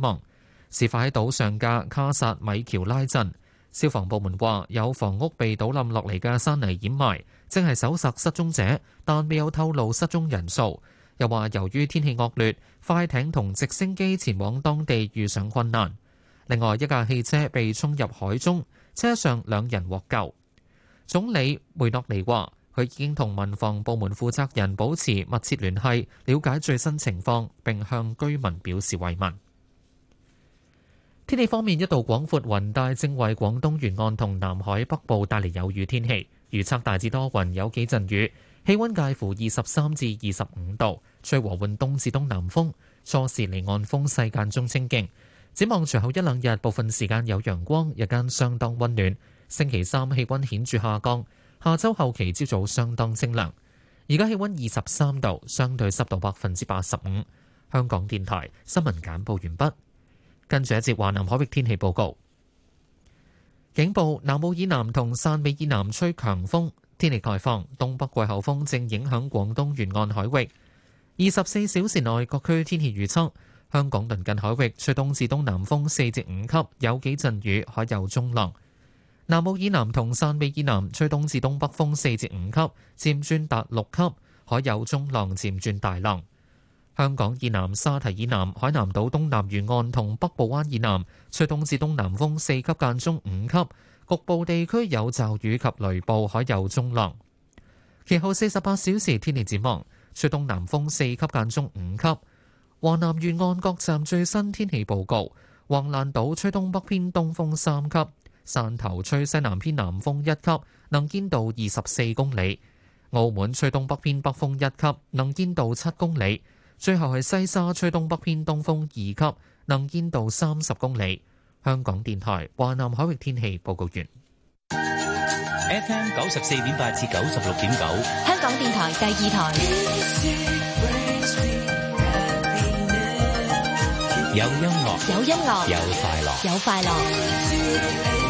望事發喺島上嘅卡薩米喬拉鎮，消防部門話有房屋被倒冧落嚟嘅山泥掩埋，正係搜索失蹤者，但未有透露失蹤人數。又話由於天氣惡劣，快艇同直升機前往當地遇上困難。另外一架汽車被沖入海中，車上兩人獲救。總理梅諾尼話，佢已經同民防部門負責人保持密切聯繫，了解最新情況，並向居民表示慰問。天氣方面，一道廣闊雲帶正為廣東沿岸同南海北部帶嚟有雨天氣，預測大致多雲有幾陣雨，氣溫介乎二十三至二十五度，吹和緩東至東南風，初時離岸風勢間中清勁，展望隨後一兩日，部分時間有陽光，日間相當溫暖。星期三氣溫顯著下降，下周後期朝早，上早上相當清涼，而家氣溫二十三度，相對濕度百分之八十五。香港電台新聞簡報完畢。跟住一節華南海域天氣報告，警報：南澳以南同汕尾以南吹強風，天氣概況：東北季候風正影響廣東沿岸海域。二十四小時內各區天氣預測：香港鄰近海域吹東至東南風四至五級，有幾陣雨，可有中浪；南澳以南同汕尾以南吹東至東北風四至五級，漸轉達六級，可有中浪漸轉大浪。香港以南、沙堤以南海南島東南沿岸同北部灣以南吹東至東南風四級間中五級，局部地區有驟雨及雷暴，海有中浪。其後四十八小時天氣展望吹東南風四級間中五級。華南沿岸各站最新天氣報告：橫瀾島吹東北偏東風三級，汕頭吹西南偏南風一級，能見度二十四公里；澳門吹東北偏北風一級，能見度七公里。最後係西沙吹東北偏東風二級，能見到三十公里。香港電台華南海域天氣報告完。FM 九十四點八至九十六點九， 香港電台第二台。音樂有音樂，有音樂，有快樂，有快樂。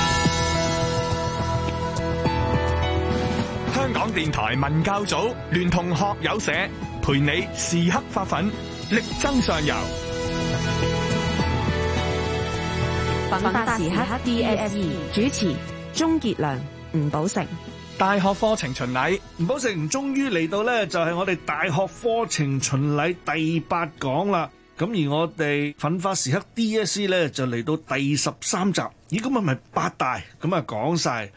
港電台文教組聯同學友社陪你時刻發奮，力爭上游。奮發時刻 DSE，主持鍾杰良、吳寶成。大學課程巡禮，吳寶成。終於嚟到咧，就係我哋大學課程巡禮第八講啦。咁而我哋奮發時刻 DSE 咧就嚟到第十三集，咦，咁係咪八大咁啊講晒？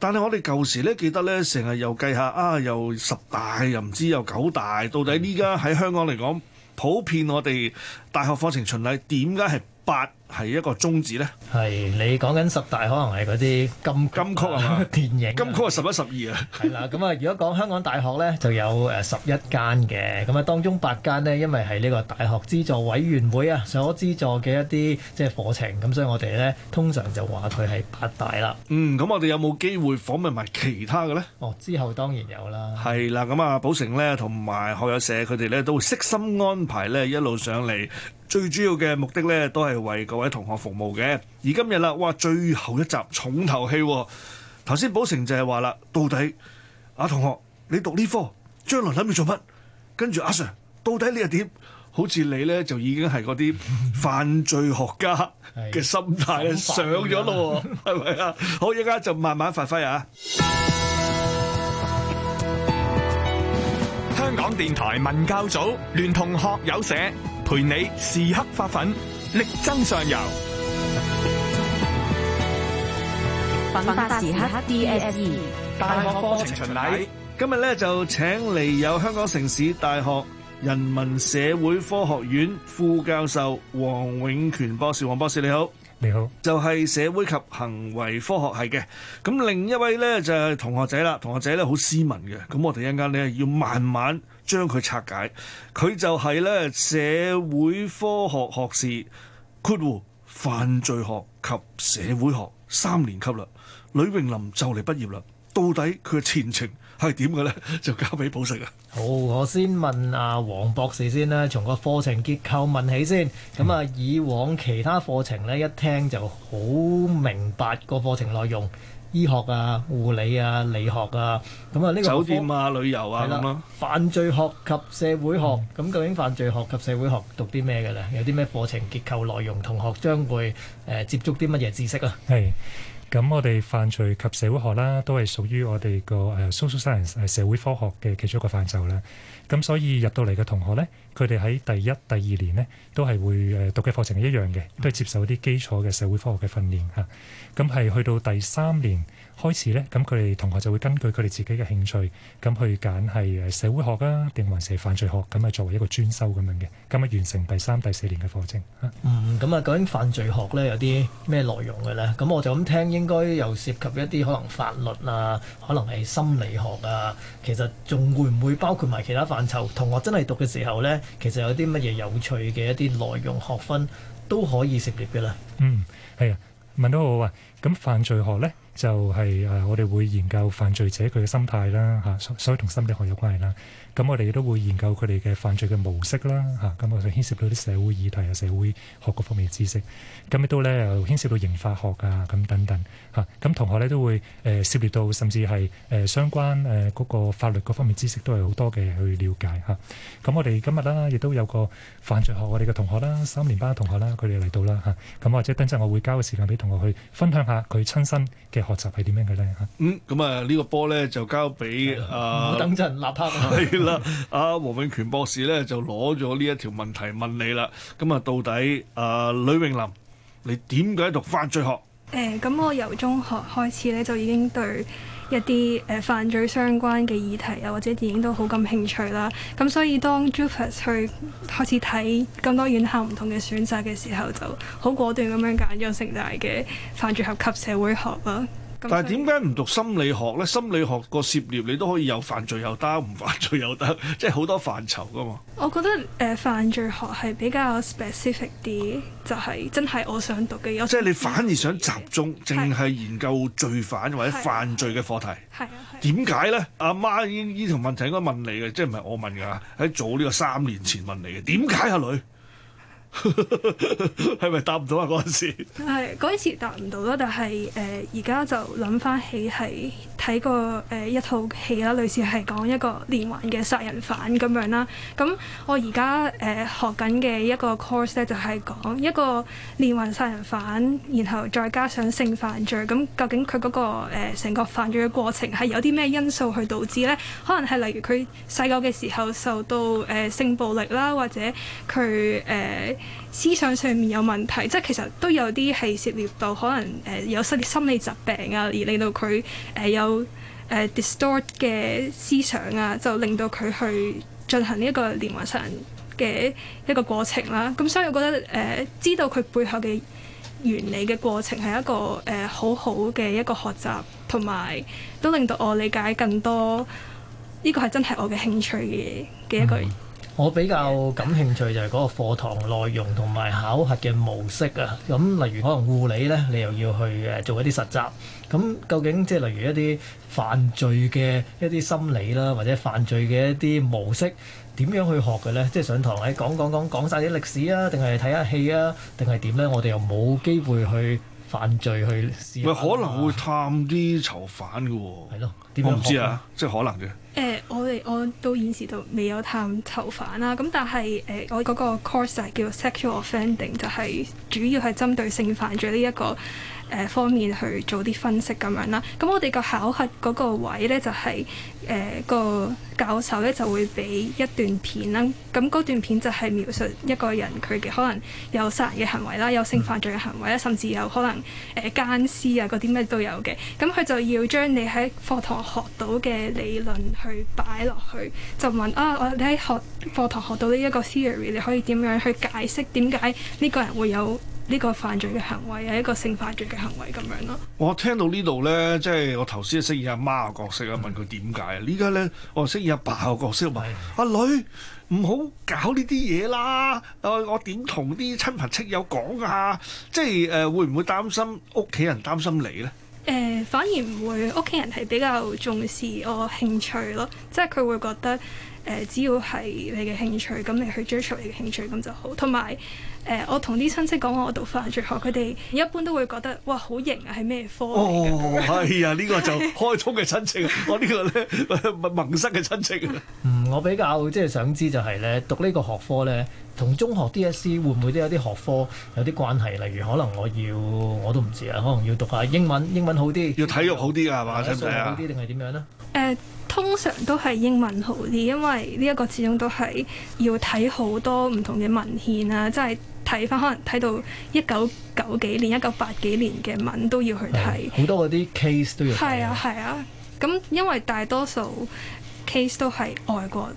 但係我哋舊時咧記得咧，成日又計下啊，又十大又唔知又九大，到底依家喺香港嚟講，普遍我哋大學課程巡禮點解係八？係一個宗旨咧，係你講緊十大可能係嗰啲金金曲啊，電影金曲啊，十一十二啊。係啦，咁啊，如果講香港大學咧，就有誒十一間嘅，咁啊，當中八間咧，因為係呢個大學資助委員會啊所資助嘅一啲即係課程，咁所以我哋咧通常就話佢係八大啦。嗯，咁我哋有冇機會訪問埋其他嘅咧？哦，之後當然有啦。係啦，咁啊，寶成咧同埋學友社佢哋咧都會悉心安排咧一路上嚟，最主要嘅目的咧都係為個。為同學服務嘅，而今日啦，哇，最後一集重頭戲喎。頭先寶成就係話啦，到底阿同學你讀呢科將來諗住做乜？跟住阿 Sir，到底你又點？好似你咧就已經係嗰啲犯罪學家嘅心態上咗咯，係咪啊？好，依家就慢慢發揮啊！香港電台文教組聯同學友社，陪你時刻發奮。力爭上游，品牌時刻 DSE 大學課程巡禮，今日咧就請嚟有香港城市大學人文社會科學院副教授黃永權博士，博士，黃博士你好，你好，你好就係社會及行為科學系嘅，咁另一位咧就係同學仔啦，同學仔咧好斯文嘅，咁我哋一陣間你要慢慢。將佢拆解，佢就係咧社會科學學士括弧犯罪學及社會學三年級啦。呂詠霖就嚟畢業啦，到底佢嘅前程係點嘅咧？就交俾寶石啊！好，我先問阿、啊、黃博士先啦，從個課程結構問起先。咁啊，以往其他課程咧一聽就好明白個課程內容。醫學啊、護理啊、理學啊，咁啊呢個酒店啊、旅遊啊咁咯。的啊、犯罪學及社會學，咁、嗯、究竟犯罪學及社會學讀啲咩嘅咧？有啲咩課程結構內容？同學將會誒、呃、接觸啲乜嘢知識啊？係，咁我哋犯罪及社會學啦，都係屬於我哋個誒 social science 誒社會科學嘅其中一個範疇啦。咁所以入到嚟嘅同學咧，佢哋喺第一、第二年咧都係會誒讀嘅課程係一樣嘅，都係接受一啲基礎嘅社會科學嘅訓練嚇。咁係去到第三年開始咧，咁佢哋同學就會根據佢哋自己嘅興趣，咁去揀係社會學啊，定還是係犯罪學咁啊，作為一個專修咁樣嘅，咁啊完成第三、第四年嘅課程嚇。嗯，咁啊究竟犯罪學咧有啲咩內容嘅咧？咁我就咁聽，應該有涉及一啲可能法律啊，可能係心理學啊，其實仲會唔會包括埋其他法？同學真係讀嘅時候呢，其實有啲乜嘢有趣嘅一啲內容學分都可以涉獵嘅啦。嗯，係啊，問得好啊。咁犯罪學呢，就係誒，我哋會研究犯罪者佢嘅心態啦，吓，所以同心理學有關係啦。咁我哋都會研究佢哋嘅犯罪嘅模式啦，嚇，咁我哋牽涉到啲社會議題啊、社會學各方面知識，咁亦都咧又牽涉到刑法學啊，咁等等嚇。咁同學咧都會誒涉獵到，甚至係誒相關誒嗰個法律各方面知識都係好多嘅去了解嚇。咁我哋今日啦，亦都有個犯罪學我哋嘅同學啦，三年班嘅同學啦，佢哋嚟到啦嚇。咁或者等陣，我會交個時間俾同學去分享下佢親身嘅學習係點樣嘅咧嚇。嗯，咁啊呢個波咧就交俾啊，等陣拉黑。阿 黃永權博士咧就攞咗呢一條問題問你啦，咁啊到底誒呂詠霖，你點解讀犯罪學？誒、呃，咁我由中學開始咧就已經對一啲誒、呃、犯罪相關嘅議題啊或者電影都好感興趣啦，咁、啊、所以當 Jupas 去開始睇咁多院校唔同嘅選擇嘅時候，就好果斷咁樣揀咗城大嘅犯罪學及社會學啦、啊。但係點解唔讀心理學咧？心理學個涉獵你都可以有犯罪又得，唔犯罪又得，即係好多範疇㗎嘛。我覺得誒、呃、犯罪學係比較 specific 啲，就係、是、真係我想讀嘅。即係你反而想集中，淨係的研究罪犯或者犯罪嘅課題。係啊係。點解咧？阿媽已經呢條問題應該問你嘅，即係唔係我問㗎？喺早呢個三年前問你嘅，點解啊女？係 咪答唔到啊？嗰 陣時，係嗰陣時答唔到咯。但係誒，而、呃、家就諗翻起係。睇過誒一套戲啦，類似係講一個連環嘅殺人犯咁樣啦。咁我而家誒學緊嘅一個 course 咧，就係、是、講一個連環殺人犯，然後再加上性犯罪。咁究竟佢嗰、那個成、呃、個犯罪嘅過程係有啲咩因素去導致呢？可能係例如佢細個嘅時候受到誒、呃、性暴力啦，或者佢誒。呃思想上面有問題，即係其實都有啲係涉獵到可能誒、呃、有失心理疾病啊，而令到佢誒、呃、有誒、呃、distort 嘅思想啊，就令到佢去進行呢一個連環殺人嘅一個過程啦。咁所以我覺得誒知道佢背後嘅原理嘅過程係一個誒好好嘅一個學習，同埋都令到我理解更多呢個係真係我嘅興趣嘅嘅一個。我比較感興趣就係嗰個課堂內容同埋考核嘅模式啊，咁例如可能護理呢，你又要去誒做一啲實習，咁究竟即係例如一啲犯罪嘅一啲心理啦，或者犯罪嘅一啲模式點樣去學嘅呢？即係上堂喺講講講講曬啲歷史啊，定係睇下戲啊，定係點呢？我哋又冇機會去犯罪去試。咪可能會探啲囚犯㗎喎？係咯，點？我唔知啊，即係可能嘅。誒、呃，我哋我都現到現時就未有探囚犯啦，咁但係誒、呃，我嗰個 course 係叫 sexual offending，就係主要係針對性犯罪呢一、這個。誒、呃、方面去做啲分析咁樣啦，咁我哋個考核嗰個位呢，就係、是、誒、呃、個教授呢，就會俾一段片啦，咁嗰段片就係描述一個人佢嘅可能有殺人嘅行為啦，有性犯罪嘅行為啦，甚至有可能誒姦屍啊嗰啲咩都有嘅，咁佢就要將你喺課堂學到嘅理論去擺落去，就問啊，我你喺學課堂學到呢一個 theory，你可以點樣去解釋點解呢個人會有？呢個犯罪嘅行為係一個性犯罪嘅行為咁樣咯。我聽到呢度呢，即係我頭先係飾演阿媽嘅角色啊，嗯、問佢點解？依家呢，我飾演阿爸嘅角色，問阿、嗯啊、女唔好搞呢啲嘢啦。我我點同啲親朋戚友講啊？即係誒、呃，會唔會擔心屋企人擔心你呢？誒、呃，反而唔會，屋企人係比較重視我興趣咯。即係佢會覺得誒、呃，只要係你嘅興趣，咁你去追求你嘅興趣咁就好，同埋。誒、呃，我同啲親戚講我讀犯罪學，佢哋一般都會覺得哇，好型啊，係咩科哦，哎呀，呢、這個就開通嘅親戚，我、 哦這個、呢個咧，唔 萌生嘅親戚。嗯，我比較即係想知就係咧，讀呢個學科咧，同中學 DSE 會唔會都有啲學科有啲關係？例如可能我要，我都唔知啊，可能要讀下英文，英文好啲，要體育好啲、嗯、啊，係嘛？係咪啊？定係點樣呢？誒。通常都係英文好啲，因為呢一個始終都係要睇好多唔同嘅文獻啊，即係睇翻可能睇到一九九幾年、一九八幾年嘅文都要去睇。好多嗰啲 case 都要睇。係啊係啊，咁、啊、因為大多數 case 都係外國。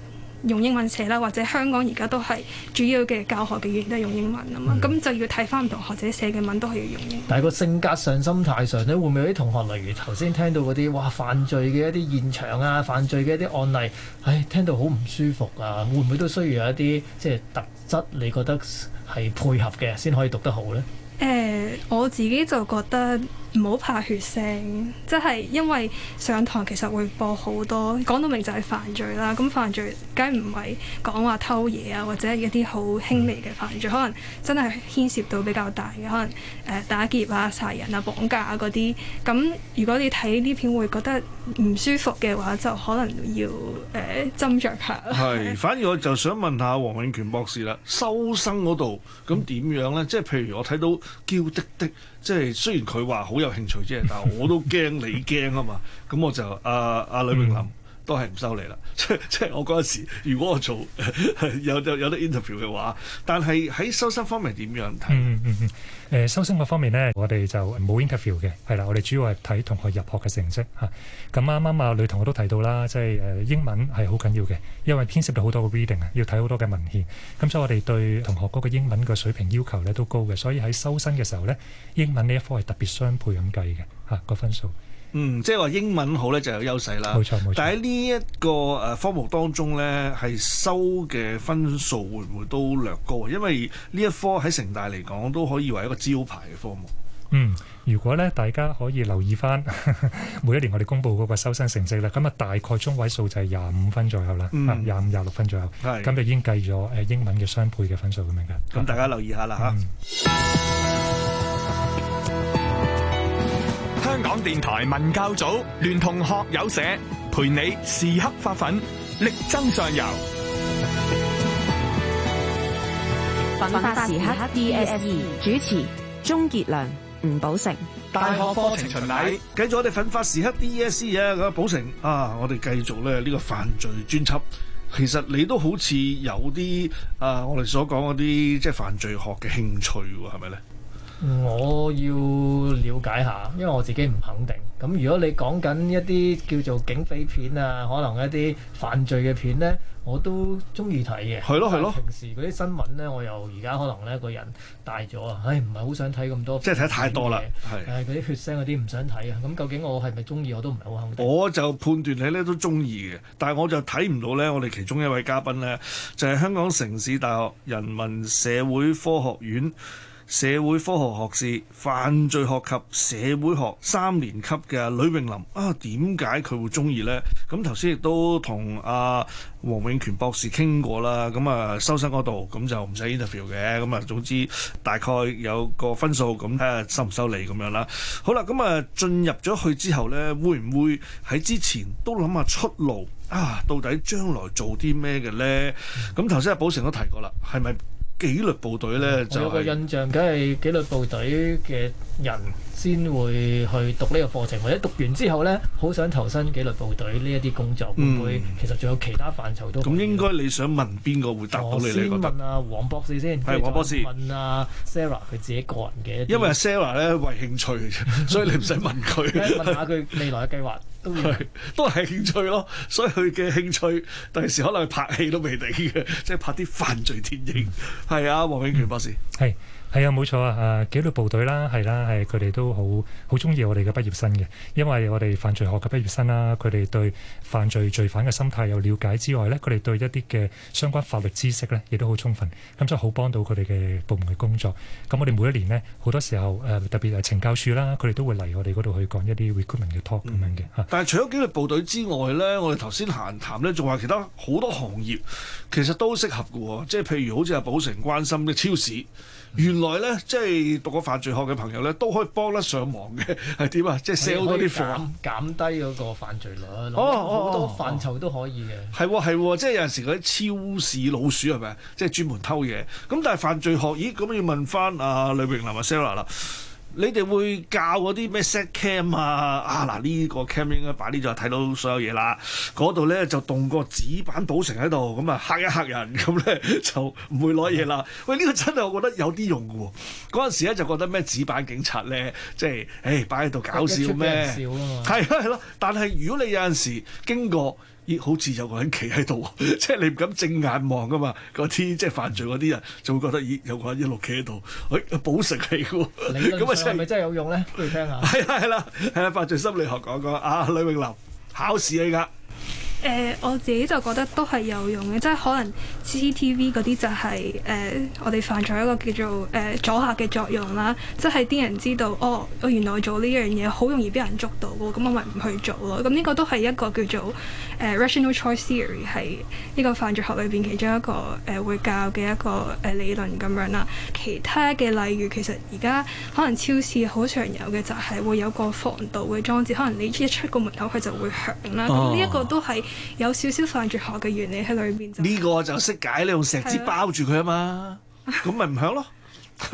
用英文寫啦，或者香港而家都係主要嘅教學嘅語言都係用英文啊嘛，咁、嗯、就要睇翻唔同學者寫嘅文都係要用英文。但係個性格上心、心態上，你會唔會有啲同學，例如頭先聽到嗰啲，哇，犯罪嘅一啲現場啊，犯罪嘅一啲案例，唉，聽到好唔舒服啊，會唔會都需要有一啲即係特質，你覺得係配合嘅先可以讀得好咧？誒、呃，我自己就覺得。唔好怕血腥，即係因為上堂其實會播好多講到明就係犯罪啦。咁犯罪梗係唔係講話偷嘢啊，或者一啲好輕微嘅犯罪，可能真係牽涉到比較大嘅，可能誒打劫啊、殺人啊、綁架嗰啲。咁如果你睇呢片會覺得唔舒服嘅話，就可能要誒、呃、斟酌下。係是， 反而我就想問，問下黃永權博士啦，收生嗰度咁點樣呢？即係譬如我睇到嬌滴滴。即係雖然佢話好有興趣啫，但係我都驚你驚啊嘛，咁我就阿阿呂詠霖。呃呃呃呃呃嗯都係唔收你啦， 即即係我嗰時，如果我做 有有得 interview 嘅話，但係喺收生方面點樣睇？誒、嗯，收生嗰方面咧，我哋就冇 interview 嘅，係啦，我哋主要係睇同學入學嘅成績吓。咁啱啱啊女同學都提到啦，即係誒英文係好緊要嘅，因為牽涉到好多嘅 reading 啊，要睇好多嘅文獻。咁所以我哋對同學嗰個英文嘅水平要求咧都高嘅，所以喺收生嘅時候咧，英文呢一科係特別雙倍咁計嘅吓個分數。嗯，即係話英文好呢就有優勢啦。冇錯，冇錯。但係呢一個誒、呃、科目當中呢，係收嘅分數會唔會都略高？因為呢一科喺城大嚟講都可以為一個招牌嘅科目。嗯，如果呢，大家可以留意返， 每一年我哋公佈嗰個收生成績咧，咁啊大概中位數就係廿五分左右啦，廿五，嗯、廿六，啊、分左右。係，咁就已經計咗誒英文嘅雙倍嘅分數咁樣嘅。咁大家留意下啦吓。嗯嗯香港電台文教組聯同學友社陪你時刻發奮，力爭上游。奮發時刻 DSE 主持鍾杰良、吳寶成。大學課程巡禮，繼續我哋奮發時刻 D S E 啊！寶成啊，我哋繼續咧呢個犯罪專輯。其實你都好似有啲啊，我哋所講嗰啲即係犯罪學嘅興趣，係咪咧？我要了解下，因為我自己唔肯定。咁如果你講緊一啲叫做警匪片啊，可能一啲犯罪嘅片呢，我都中意睇嘅。係咯，係咯。平時嗰啲新聞呢，我又而家可能呢個人大咗啊，唉，唔係好想睇咁多。即係睇太多啦，係。嗰啲血腥嗰啲唔想睇啊。咁究竟我係咪中意我都唔係好肯定。我就判斷你呢都中意嘅，但係我就睇唔到呢，我哋其中一位嘉賓呢，就係香港城市大學人文社會科學院，社會科學學士、犯罪學及社會學三年級嘅呂詠霖啊，點解佢會中意呢？咁頭先亦都同阿黃永權博士傾過啦。咁啊，收生嗰度，咁就唔使 interview 嘅。咁啊，總之大概有個分數咁，睇下收唔收你咁樣啦。好啦，咁啊進入咗去之後呢，會唔會喺之前都諗下出路啊？到底將來做啲咩嘅呢？咁頭先阿寶成都提過啦，係咪？紀律部隊咧，就我有個印象，梗係紀律部隊嘅人先會去讀呢個課程，或者讀完之後咧，好想投身紀律部隊呢一啲工作。會唔會？嗯，其實仲有其他範疇都。咁應該你想問邊個會答到你？你覺得？我先問阿黃博士先，係，黃博士。問阿 Sarah，佢自己個人嘅。因為 Sarah 咧為興趣，所以你唔使問佢。問下佢未來嘅計劃。都係、mm hmm.，都係興趣咯。所以佢嘅興趣，第時可能拍戲都未定嘅，即係拍啲犯罪電影。係、mm hmm. 啊，黃永權博士，係、mm。Hmm. 係啊，冇錯啊！誒，紀律部隊啦，係啦，係佢哋都好好中意我哋嘅畢業生嘅，因為我哋犯罪學嘅畢業生啦，佢哋對犯罪罪犯嘅心態有了解之外咧，佢哋對一啲嘅相關法律知識咧，亦都好充分，咁所以好幫到佢哋嘅部門嘅工作。咁我哋每一年呢，好多時候誒、呃，特別係懲教署啦，佢哋都會嚟我哋嗰度去講一啲 recruitment 嘅 talk 咁樣嘅嚇。啊、但係除咗紀律部隊之外咧，我哋頭先閒談咧，仲話其他好多行業其實都適合嘅喎，即係譬如好似係保城關心嘅超市。原來咧，即係讀過犯罪學嘅朋友咧，都可以幫得上忙嘅，係點啊？即係 sell 多啲貨啊！減低嗰個犯罪率，好、哦哦哦哦、多範疇都可以嘅。係喎係喎，即係有陣時嗰啲超市老鼠係咪？即係專門偷嘢。咁但係犯罪學，咦？咁要問翻阿、啊、呂詠霖啊 Sarah 啦。你哋會教嗰啲咩 set cam 啊？啊嗱，呢個 cam 應該擺呢度睇到所有嘢啦。嗰度咧就動個紙板堵成喺度，咁啊，嚇一嚇人，咁咧就唔會攞嘢啦。喂，呢個真係我覺得有啲用嘅喎。嗰陣時咧就覺得咩紙板警察咧，即係誒擺喺度搞笑咩？係啊係咯， 但係如果你有陣時經過。咦，好似有個人企喺度，即係你唔敢正眼望㗎嘛！嗰啲即係犯罪嗰啲人，就會覺得咦，有個人一路企喺度，喂、哎，保食係喎。咁啊，係咪真係有用咧？不如聽下。係啦、啊，係啦、啊，係啦、啊！犯、啊、罪心理學講講啊，呂詠霖，考試嚟㗎。誒、呃、我自己就覺得都係有用嘅，即係可能 CCTV 嗰啲就係、是、誒、呃、我哋犯咗一個叫做誒、呃、阻嚇嘅作用啦，即係啲人知道哦，我原來做呢樣嘢好容易俾人捉到嘅，咁我咪唔去做咯。咁、嗯、呢、這個都係一個叫做誒、呃、Rational Choice Theory 係呢個犯罪學裏邊其中一個誒、呃、會教嘅一個誒、呃、理論咁樣啦。其他嘅例如其實而家可能超市好常有嘅就係會有個防盜嘅裝置，可能你一出個門口佢就會響啦。咁呢一個都係。有少少犯罪學嘅原理喺裏面就，就呢個就識解你用錫紙包住佢啊嘛，咁咪唔響咯。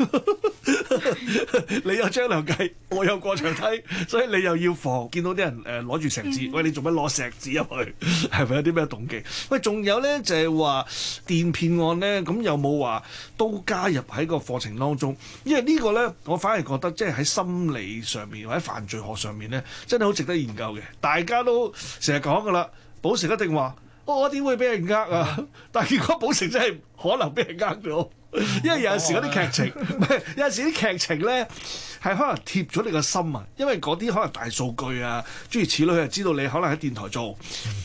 你有張良計，我有過牆梯， 所以你又要防。見到啲人誒攞住錫紙，嗯、喂你做乜攞錫紙入去？係 咪有啲咩動機？喂，仲有咧就係、是、話電騙案咧，咁有冇話都加入喺個課程當中？因為個呢個咧，我反而覺得即係喺心理上面或者犯罪學上面咧，真係好值得研究嘅。大家都成日講噶啦。寶成一定話、哦：我點會俾人呃啊？ 但係如果寶成真係可能俾人呃咗， 因為有陣時嗰啲劇情，有陣時啲劇情咧係可能貼咗你個心啊。因為嗰啲可能大數據啊，諸如此類，係知道你可能喺電台做，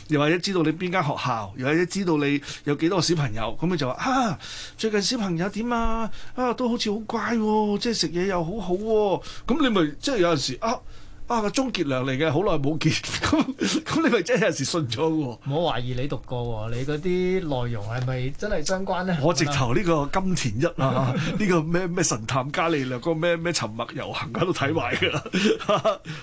又或者知道你邊間學校，又或者知道你有幾多個小朋友，咁佢就話啊，最近小朋友點啊？啊，都好似、哦就是、好乖、哦、喎，即係食嘢又好好喎。咁你咪即係有陣時啊。啊，個鍾傑良嚟嘅，好耐冇見，咁 咁你咪真係有時信咗喎。唔好懷疑你讀過喎，你嗰啲內容係咪真係相關咧？我直頭呢個金田一啊，呢、 啊呢個咩咩神探伽利略，嗰個咩咩沉默遊行喺度睇埋嘅啦。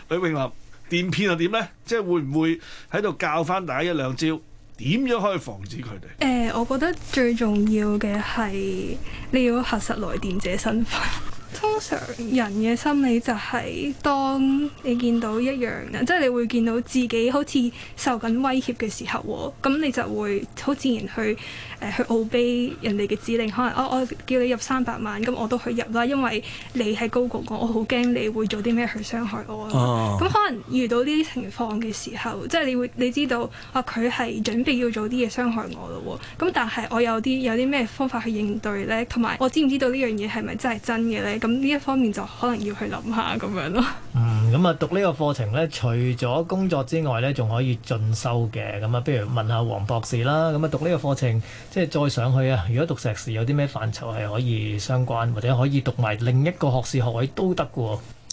呂詠霖，電騙又點咧？即係會唔會喺度教翻大家一兩招，點樣可以防止佢哋？誒，我覺得最重要嘅係你要核實來電者身份。 通常人嘅心理就係當你見到一樣嘢，即係你會見到自己好似受緊威脅嘅時候，咁你就會好自然去誒、呃、去 obey 人哋嘅指令，可能我、哦、我叫你入三百萬，咁我都去入啦，因為你係高過我，我好驚你會做啲咩去傷害我啊。咁、oh. 可能遇到呢啲情況嘅時候，即係你會，你知道啊佢係準備要做啲嘢傷害我咯，咁但係我有啲有啲咩方法去應對咧？同埋我知唔知道呢樣嘢係咪真係真嘅咧？咁呢一方面就可能要去諗下咁樣咯。嗯，咁啊讀呢個課程呢，除咗工作之外呢，仲可以進修嘅。咁啊，不如問下黃博士啦。咁啊，讀呢個課程即係再上去啊。如果讀碩士有啲咩範疇係可以相關，或者可以讀埋另一個學士學位都得嘅。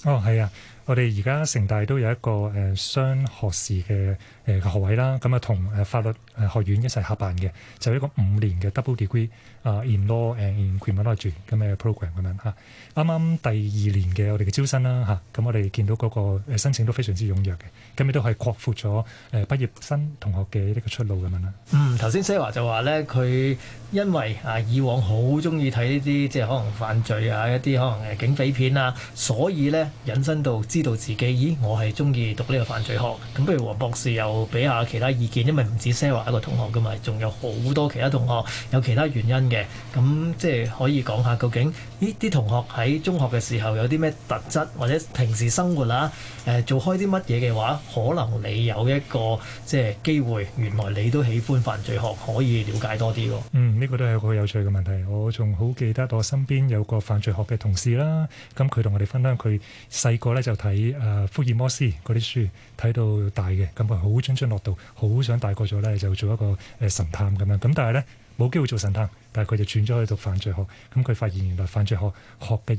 哦，係啊，我哋而家城大都有一個誒、呃、雙學士嘅。誒個學位啦，咁啊同誒法律誒學院一齊合辦嘅，就係、一個五年嘅 double degree 啊，in law and in criminal law 嘅咁嘅 program 咁樣嚇。啱啱第二年嘅我哋嘅招生啦嚇，咁、啊嗯、我哋見到嗰個申請都非常之踴躍嘅，咁亦都係擴闊咗誒畢業生同學嘅一個出路咁樣啦。嗯，頭先 Siva 就話咧，佢因為啊以往好中意睇呢啲即係可能犯罪啊一啲可能誒警匪片啊，所以咧引申到知道自己咦我係中意讀呢個犯罪學，咁不如黃博士又～俾下其他意見，因為唔止 Sarah 一個同學噶嘛，仲有好多其他同學有其他原因嘅，咁即係可以講下究竟呢啲同學喺中學嘅時候有啲咩特質，或者平時生活啦，誒做開啲乜嘢嘅話，可能你有一個即係機會，原來你都喜歡犯罪學，可以了解多啲咯。嗯，呢、這個都係一個有趣嘅問題，我仲好記得我身邊有個犯罪學嘅同事啦，咁佢同我哋分享佢細個呢就睇誒、呃、福爾摩斯嗰啲書，睇到大嘅，咁佢好。青春落到好想大個咗咧，就做一個誒神探咁樣。咁但係咧冇機會做神探，但係佢就轉咗去讀犯罪學。咁佢發現原來犯罪學學嘅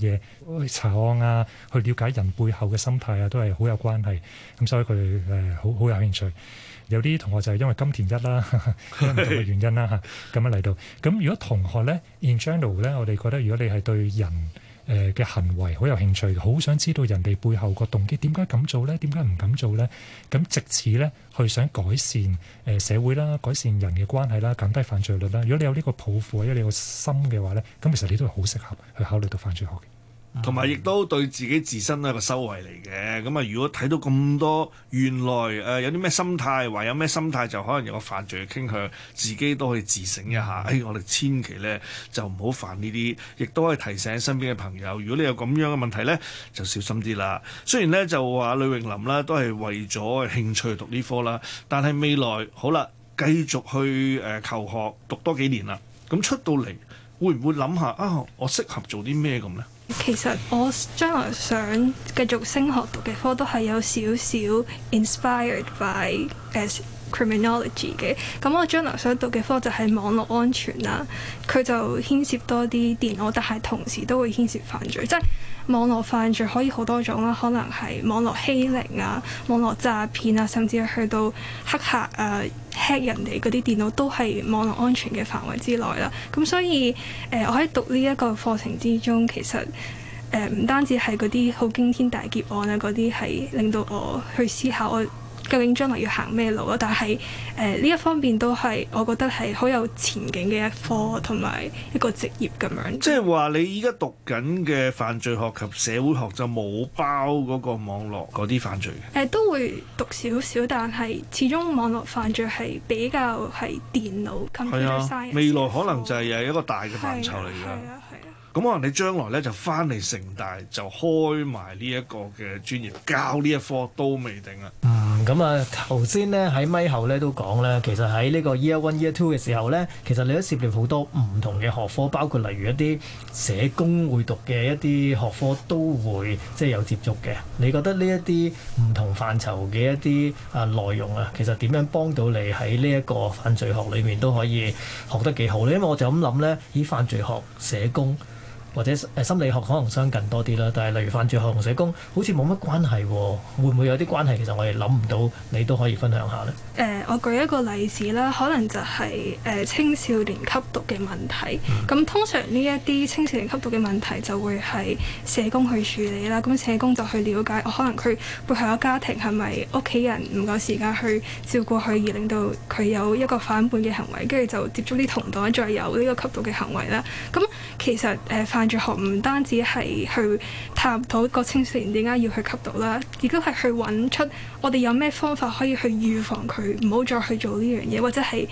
嘢，查案啊，去了解人背後嘅心態啊，都係好有關係。咁所以佢誒好好有興趣。有啲同學就係因為金田一啦，唔同嘅原因啦吓，咁樣嚟到。咁如果同學咧，in general 咧，我哋覺得如果你係對人。誒嘅、呃、行為好有興趣，好想知道人哋背後個動機點解咁做呢？點解唔咁做呢？咁直至呢，去想改善誒、呃、社會啦，改善人嘅關係啦，減低犯罪率啦。如果你有呢個抱負，或者你有呢個心嘅話呢，咁其實你都好適合去考慮到犯罪學嘅。同埋，亦都、嗯、對自己自身係一個收穫嚟嘅咁啊！如果睇到咁多原來誒、呃、有啲咩心態，話有咩心態就可能有個犯罪傾向，自己都可以自省一下。誒、哎，我哋千祈咧就唔好犯呢啲，亦都可以提醒身邊嘅朋友。如果你有咁樣嘅問題咧，就小心啲啦。雖然咧就話呂詠霖啦，都係為咗興趣讀呢科啦，但係未來好啦，繼續去誒求學讀多幾年啦。咁出到嚟會唔會諗下啊？我適合做啲咩咁咧？其實我將來想繼續升學讀嘅科都係有少少 inspired by S. criminology 嘅，咁我將來想讀嘅科就係網絡安全啦、啊。佢就牽涉多啲電腦，但係同時都會牽涉犯罪，即係網絡犯罪可以好多種啦。可能係網絡欺凌啊、網絡詐騙啊，甚至去到黑客誒、啊、hack 人哋嗰啲電腦，都係網絡安全嘅範圍之內啦。咁所以誒、呃，我喺讀呢一個課程之中，其實誒唔、呃、單止係嗰啲好驚天大劫案啊，嗰啲係令到我去思考我。究竟將來要行咩路咯？但係誒呢一方面都係我覺得係好有前景嘅一科同埋一個職業咁樣。即係話你依家讀緊嘅犯罪學及社會學就冇包嗰個網絡嗰啲犯罪嘅。呃，都會讀少少，但係始終網絡犯罪係比較係電腦咁，啊，未來可能就係一個大嘅範疇嚟㗎。咁可能你將來咧就翻嚟城大就開埋呢一個嘅專業教呢一科都未定、嗯、啊。嗯，咁啊頭先咧喺咪後咧都講咧，其實喺呢個 year one year two 嘅時候咧，其實你都涉獵好多唔同嘅學科，包括例如一啲社工會讀嘅一啲學科都會即係、就是、有接觸嘅。你覺得呢一啲唔同範疇嘅一啲啊內容啊，其實點樣幫到你喺呢一個犯罪學裏面都可以學得幾好咧？因為我就咁諗咧，以犯罪學社工？或者、呃、心理學可能相近多啲啦，但係例如犯罪學同社工，好似冇乜關係喎、喔，會唔會有啲關係？其實我哋諗唔到，你都可以分享下呢誒、呃，我舉一個例子啦，可能就係、是、誒、呃、青少年吸毒嘅問題。咁、嗯、通常呢一啲青少年吸毒嘅問題就會係社工去處理啦。咁社工就去了解，可能佢背後嘅家庭係咪屋企人唔夠時間去照顧佢，而令到佢有一個反叛嘅行為，跟住就接觸啲同黨，再有呢個吸毒嘅行為啦。咁其實誒。呃犯罪學唔單止係去探討個青少年點解要吸去吸毒啦，亦都係去揾出。我哋有咩方法可以去預防佢唔好再去做呢樣嘢，或者係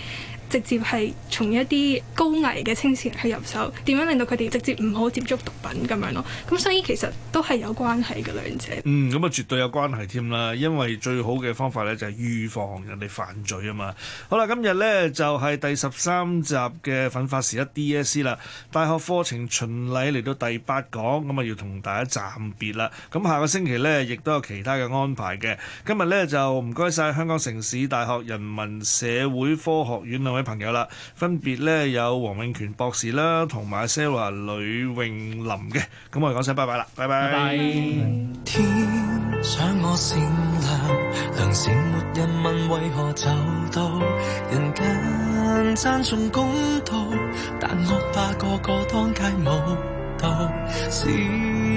直接係從一啲高危嘅青少年去入手，點樣令到佢哋直接唔好接觸毒品咁樣咯。咁所以其實都係有關係嘅兩者。嗯，咁啊絕對有關係添啦，因為最好嘅方法咧就係預防人哋犯罪啊嘛。好啦，今日咧就係第十三集嘅奮發時一 D S C 啦，大學課程巡禮嚟到第八講，咁啊要同大家暫別啦。咁下個星期咧亦都有其他嘅安排嘅。咁今日咧就唔該晒香港城市大學人文社會科學院兩位朋友啦，分別咧有黃永權博士啦，同埋阿 Sarah 呂詠霖嘅，咁我哋講聲拜拜啦，拜拜。天我善善良，良人人何到？但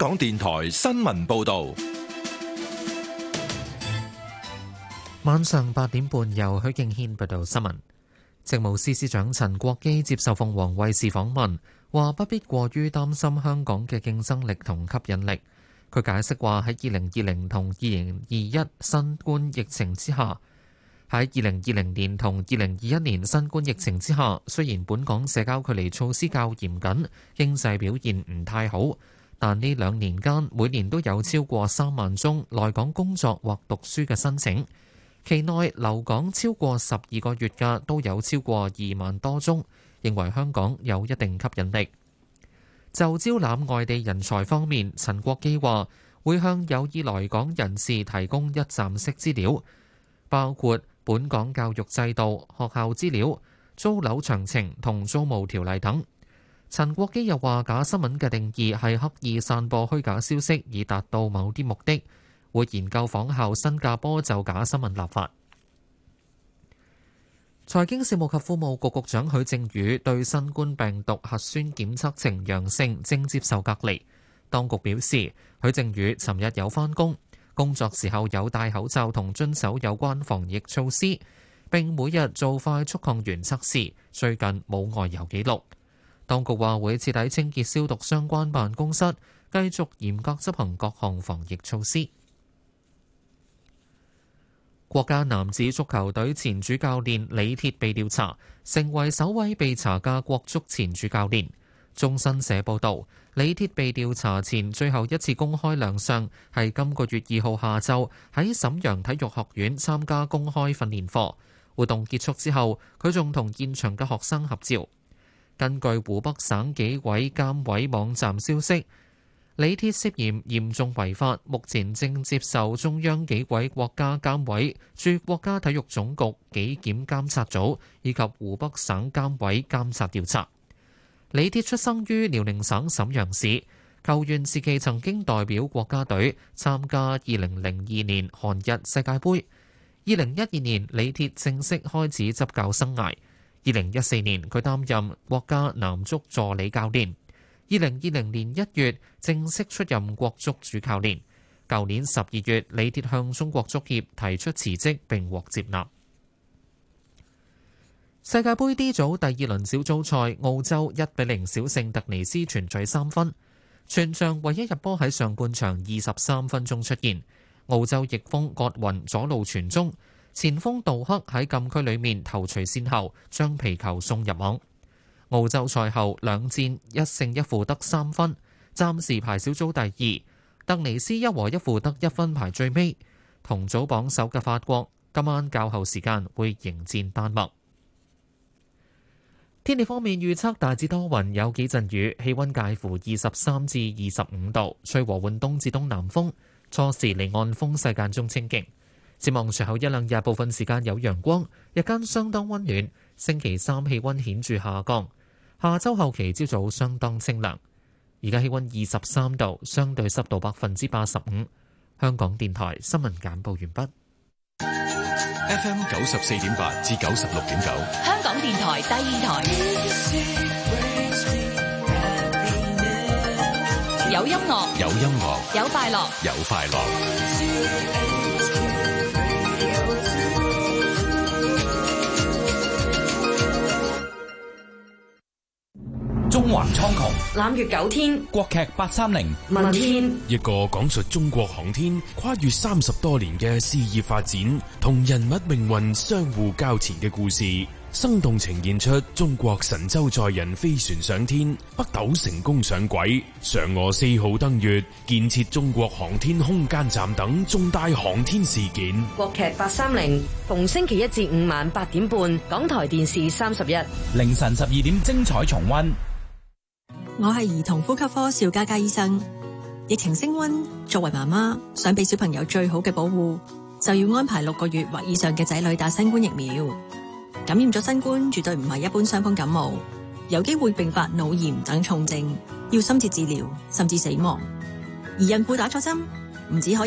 香港電台新聞報道，晚上八點半由許敬軒報道新聞。政務司司長陳國基接受鳳凰衛視訪問，話不必過於擔心香港嘅競爭力同吸引力。佢解釋話喺二零二零同二零二一新冠疫情之下，喺二零二零年同二零二一年新冠疫情之下，雖然本港社交距離措施較嚴謹，經濟表現唔太好。但呢兩年間，每年都有超過三萬宗來港工作或讀書嘅申請，期內留港超過十二個月嘅都有超過二萬多宗，認為香港有一定吸引力。就招攬外地人才方面，陳國基話會向有意來港人士提供一站式資料，包括本港教育制度、學校資料、租樓詳情同租務條例等。陳國基又話：假新聞嘅定義係刻意散播虛假消息以達到某啲目的，會研究仿效新加坡就假新聞立法。財經事務及庫務局局長許正宇對新冠病毒核酸檢測呈陽性，正接受隔離。當局表示，許正宇尋日有返工，工作時候有戴口罩同遵守有關防疫措施，並每日做快速抗原測試，最近冇外遊記錄。當局話會徹底清潔消毒相關辦公室，繼續嚴格執行各項防疫措施。國家男子足球隊前主教練李鐵被調查，成為首位被查嘅國足前主教練。中新社報導，李鐵被調查前最後一次公開亮相係今個月二號下晝喺沈陽體育學院參加公開訓練課。活動結束之後，佢仲同現場嘅學生合照。根據湖北省紀委監委網站消息，李鐵涉嫌嚴重違法，目前正接受中央紀委、國家監委駐國家體育總局紀檢監察組以及湖北省監委監察調查。李鐵出生於遼寧省沈陽市，球員時期曾經代表國家隊參加二零零二年韓日世界杯。二零一二年，李鐵正式開始執教生涯。二零一四年，佢擔任國家男足助理教練。二零二零年一月正式出任國足主教練。舊年十二月，李鐵向中國足協提出辭職並獲接納。世界盃 D 組第二輪小組賽，澳洲一比零小勝特尼斯，全取三分。全場唯一入波喺上半場二十三分鐘出現，澳洲逆風割雲左路傳中。前鋒杜克喺禁區裏面頭錘先後將皮球送入網。澳洲賽後兩戰一勝一負得三分，暫時排小組第二。突尼斯一和一負得一分排最尾，同組榜首嘅法國今晚較後時間會迎戰丹麥。天氣方面預測大致多雲，有幾陣雨，氣溫介乎二十三至二十五度，吹和緩東至東南風，初時離岸風勢間中清勁。展望隨後一兩日，部分時間有陽光，日間相當溫暖。星期三氣溫顯著下降，下周後期朝早相當清涼。而家氣溫二十三度，相對濕度百分之八十五。香港電台新聞簡報完畢。FM 九十四點八至九十六點九，タッ香港電台第二台，有音樂，有音樂，有快樂，有快樂。攬月九天，國劇八三零問天，一個講述中國航天跨越三十多年嘅事業發展同人物命運相互交纏嘅故事，生動呈現出中國神舟載人飛船上天、北斗成功上軌、嫦娥四號登月、建設中國航天空間站等重大航天事件。國劇八三零，逢星期一至五晚八點半，港台電視三十一，凌晨十二點精彩重溫。我係兒童呼吸科邵嘉嘉醫生。疫情升温，作為媽媽，想俾小朋友最好嘅保護，就要安排六個月或以上嘅仔女打新冠疫苗。感染咗新冠，絕對唔係一般傷風感冒，有機會併發腦炎等重症，要深切治療，甚至死亡。而孕婦打錯針，唔止可以。